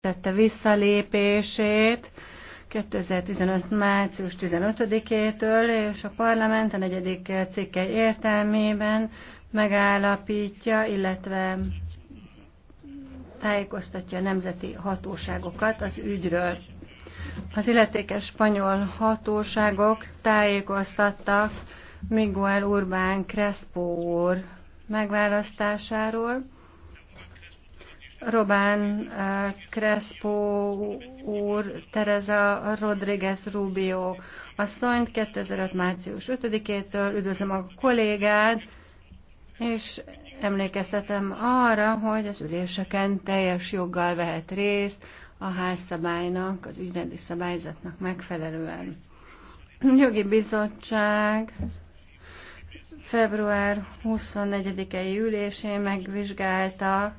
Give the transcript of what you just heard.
tette visszalépését 2015. március 15-től, és a parlament a negyedik cikke értelmében megállapítja, illetve tájékoztatja a nemzeti hatóságokat az ügyről. Az illetékes spanyol hatóságok tájékoztattak Miguel Urbán Crespo úr megválasztásáról, Robán eh, Crespo úr, Tereza Rodriguez Rubio asszonyt 2005. március 5-től üdvözlöm a kollégát, és emlékeztetem arra, hogy az üléseken teljes joggal vehet részt a házszabálynak, az ügyrendi szabályzatnak megfelelően. Jogi Bizottság február 24-i ülésén megvizsgálta